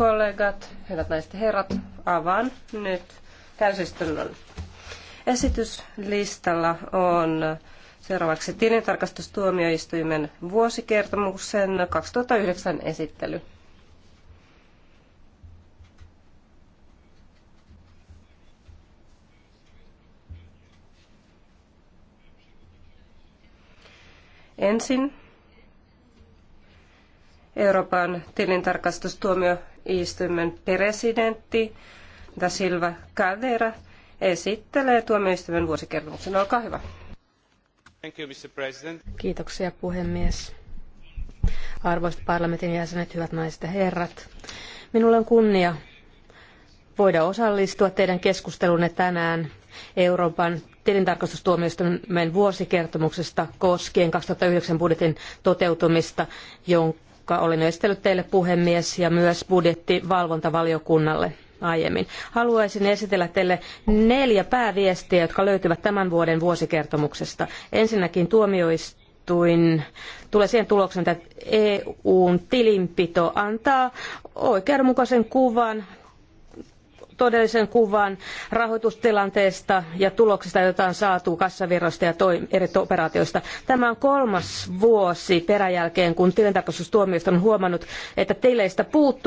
kollegat, hyvät naiset ja herrat, avaan nyt täysistunnon. Esityslistalla on seuraavaksi tilintarkastustuomioistuimen vuosikertomuksen 2009 esittely. Ensin Euroopan tilintarkastustuomioistuimen presidentti Da Silva Caldera esittelee tuomioistuimen vuosikertomuksen. Olkaa hyvä. Thank you, Mr. President. Kiitoksia puhemies. Arvoisat parlamentin jäsenet, hyvät naiset ja herrat. Minulla on kunnia voida osallistua teidän keskustelunne tänään Euroopan tilintarkastustuomioistuimen vuosikertomuksesta koskien 2009 budjetin toteutumista, jonka jonka olen esitellyt teille puhemies ja myös budjettivalvontavaliokunnalle aiemmin. Haluaisin esitellä teille neljä pääviestiä, jotka löytyvät tämän vuoden vuosikertomuksesta. Ensinnäkin tuomioistuin tulee siihen tulokseen, että EUn tilinpito antaa oikeudenmukaisen kuvan todellisen kuvan rahoitustilanteesta ja tuloksista, joita on saatu kassavirroista ja eri operaatioista. Tämä on kolmas vuosi peräjälkeen, kun tilintarkastustuomioista on huomannut, että tileistä puuttuu